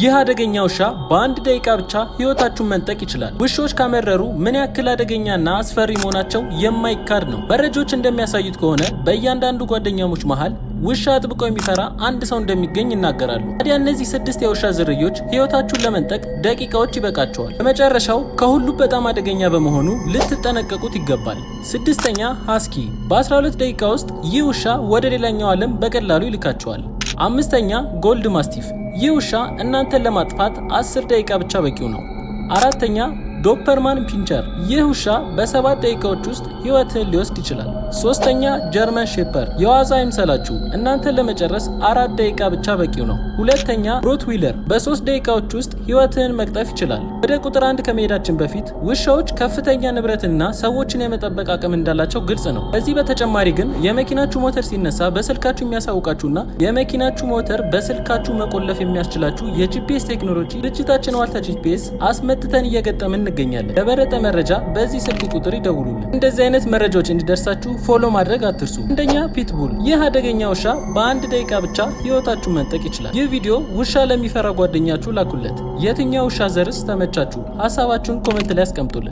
ይህ አደገኛ ውሻ በአንድ ደቂቃ ብቻ ህይወታችሁን መንጠቅ ይችላል። ውሾች ካመረሩ ምን ያክል አደገኛና አስፈሪ መሆናቸው የማይካድ ነው። መረጃዎች እንደሚያሳዩት ከሆነ በእያንዳንዱ ጓደኛሞች መሃል ውሻ አጥብቆ የሚፈራ አንድ ሰው እንደሚገኝ ይናገራሉ። ታዲያ እነዚህ ስድስት የውሻ ዝርዮች ህይወታችሁን ለመንጠቅ ደቂቃዎች ይበቃቸዋል። በመጨረሻው ከሁሉ በጣም አደገኛ በመሆኑ ልትጠነቀቁት ይገባል። ስድስተኛ ሃስኪ በ12 ደቂቃ ውስጥ ይህ ውሻ ወደ ሌላኛው ዓለም በቀላሉ ይልካቸዋል። አምስተኛ ጎልድ ማስቲፍ፣ ይህ ውሻ እናንተን ለማጥፋት 10 ደቂቃ ብቻ በቂው ነው። አራተኛ ዶፐርማን ፒንቸር፣ ይህ ውሻ በሰባት ደቂቃዎች ውስጥ ህይወትህን ሊወስድ ይችላል። ሶስተኛ ጀርመን ሼፐር፣ የዋዛ አይምሰላችሁ እናንተን ለመጨረስ አራት ደቂቃ ብቻ በቂው ነው። ሁለተኛ ሮትዊለር፣ በሶስት ደቂቃዎች ውስጥ ህይወትህን መቅጠፍ ይችላል። ወደ ቁጥር አንድ ከመሄዳችን በፊት ውሻዎች ከፍተኛ ንብረትና ሰዎችን የመጠበቅ አቅም እንዳላቸው ግልጽ ነው። ከዚህ በተጨማሪ ግን የመኪናችሁ ሞተር ሲነሳ በስልካችሁ የሚያሳውቃችሁና የመኪናችሁ ሞተር በስልካችሁ መቆለፍ የሚያስችላችሁ የጂፒኤስ ቴክኖሎጂ ድርጅታችን ዋልታ ጂፒኤስ አስመጥተን እየገጠመን እንገኛለን። ለበለጠ መረጃ በዚህ ስልክ ቁጥር ይደውሉልን። እንደዚህ አይነት መረጃዎች እንዲደርሳችሁ ፎሎ ማድረግ አትርሱ። አንደኛ ፒትቡል። ይህ አደገኛ ውሻ በአንድ ደቂቃ ብቻ ህይወታችሁ መንጠቅ ይችላል። ይህ ቪዲዮ ውሻ ለሚፈራ ጓደኛችሁ ላኩለት። የትኛው ውሻ ዘርስ ተመ ተመቻችሁ? ሀሳባችሁን ኮመንት ላይ አስቀምጡልን።